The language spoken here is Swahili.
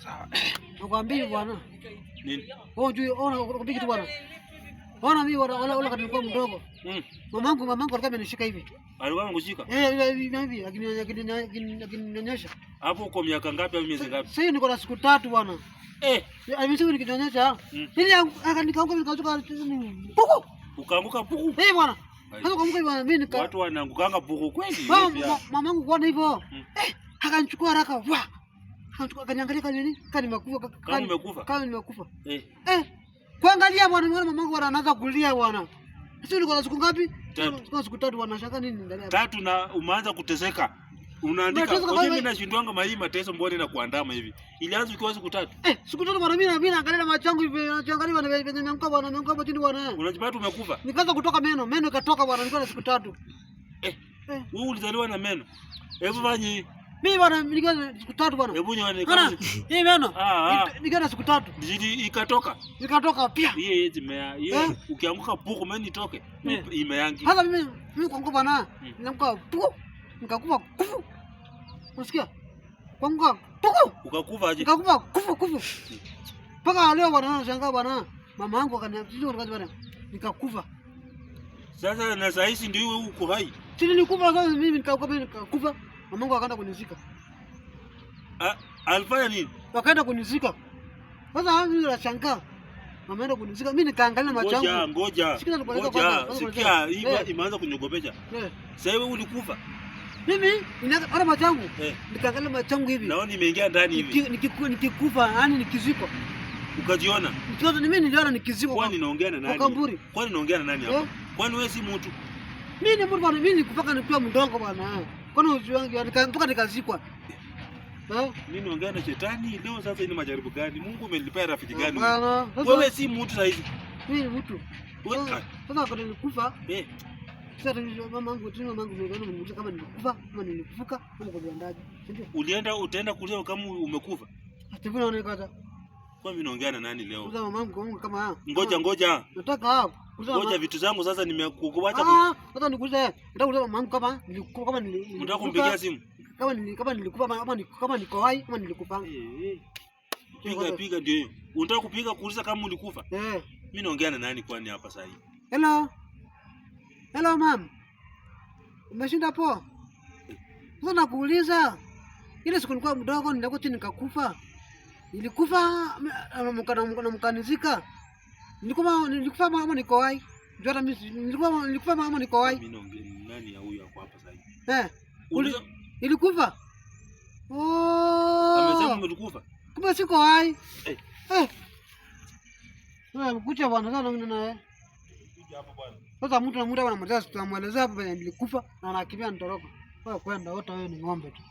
Sawa. Nakwambia bwana. Nini? Wewe unjui ona unakupiga kitu bwana. Ona mimi wala wala kadikuwa mdogo. Mm. Mamangu mamangu alikuwa amenishika hivi. Alikuwa anakushika? Eh, hivi lakini akinionyesha. Hapo uko miaka ngapi au miezi ngapi? Sasa niko na siku tatu bwana. Eh. Amesema eh, nikinyonyesha. Hmm. Ili akanikaanguka nikaanguka puku. Ukaanguka puku. Eh, bwana. Sasa kaanguka bwana mimi nika. Watu wanaangukanga puku kweli. Mamangu kuona hivyo. Hmm. Eh, akanichukua haraka. Wah kaniangalia kani nini? Kani nimekufa kani nimekufa kani nimekufa eh eh, kuangalia bwana, nimeona mamangu anaanza kulia bwana. Sisi niko na siku ngapi? Tuna siku tatu, wanashaka nini ndani tatu, na umeanza kuteseka unaandika kwa nini nashindwanga maii mateso mbona na kuandama hivi? Ilianza ukiwa siku tatu. Eh, siku tatu bwana, mimi mimi naangalia macho yangu hivi, naangalia bwana venye nimeanguka bwana, nimeanguka hapo chini bwana. Unajipata umekufa. Nikaanza kutoka meno, meno ikatoka bwana, nilikuwa na siku tatu. Eh. eh. Wewe ulizaliwa na meno. Hebu fanyi mimi bwana nilikwenda siku tatu bwana. Hebu nyoa kama Yeye meno. Nikaenda siku tatu. Zidi ikatoka. Ikatoka pia. Yeye yeye zimea. Yeye eh? ukianguka buku mimi nitoke. Eh. Imeyangi. Sasa mimi mimi kwa nguvu bwana. Hmm. Nikaanguka tu. Nikakufa kufu. Unasikia? Kwa nguvu tu. Ukakufa aje? Nikakufa kufu kufu. Paka leo bwana nashangaa bwana. Mama yangu akaniambia bwana. Nikakufa. Sasa na saa hizi ndio uko hai. Sisi nikufa sasa mimi nikakufa nikakufa na Mungu akaenda kunizika. Alifanya nini? Wakaenda kunizika. Sasa hapo ndio nashangaa. Ameenda kunizika. Mimi nikaangalia macho yangu. Ngoja, ngoja. Sikia, hii eh. imeanza kunyogopesha. Eh. Sasa wewe ulikufa. Mimi inaona macho yangu. Eh. Nikaangalia macho yangu hivi. Naona nimeingia ndani hivi. Nikikufa, yani nikizikwa. Ukajiona? Mtoto mimi niliona nikizikwa. Kwani naongea na nani? Kwa kaburi. Kwani naongea na nani hapa? Kwani wewe si mtu? Mimi ni mtu bwana, mimi nikupaka nikiwa mdogo bwana. Kwani uzi wangu mpaka nikazikwa. Nini ongea na shetani leo sasa ni majaribu gani? Mungu umenilipea rafiki gani? Wewe si mtu sasa hivi. Mimi ni mtu. Sasa kwa nilikufa. Eh. Sasa mama yangu tu, mama yangu mgeni mmoja kama nilikufa, kama nilikufuka, kama kwa ulienda utaenda kulia kama umekufa. Hata vile unaonekana. Kwa mimi naongea na nani leo? Uza mama mkongo kama haya. Ngoja ngoja. Nataka hapo. Ngoja vitu zangu sasa nimekuacha. Ah, sasa nikuze. Nataka kuza mama kama nilikuwa kama nili. Nataka kumpigia simu. Kama nili kama nilikupa kama kama niko hai kama nilikupa. Eh, eh. Piga piga ndio hiyo. Unataka kupiga kuuliza kama ulikufa? Eh. Mimi naongea na nani kwani hapa sasa hivi? Hello. Hello mam. Umeshinda poa? Sasa nakuuliza. Ile siku nilikuwa mdogo nilikuwa nikakufa nilikufa namkanizika, nilikufa nilikufa mama niko hai jua, nilikufa nilikufa mama niko hai. Nani ya huyu hapa sasa? Eh, nilikufa oh, amesema umekufa, kumbe siko hai eh. Eh, wewe mkucha bwana, sasa nini naye sasa? Mtu na mtu anamweleza hapo, nilikufa na anakimbia, nitoroka wewe, kwenda wote, wewe ni ng'ombe tu.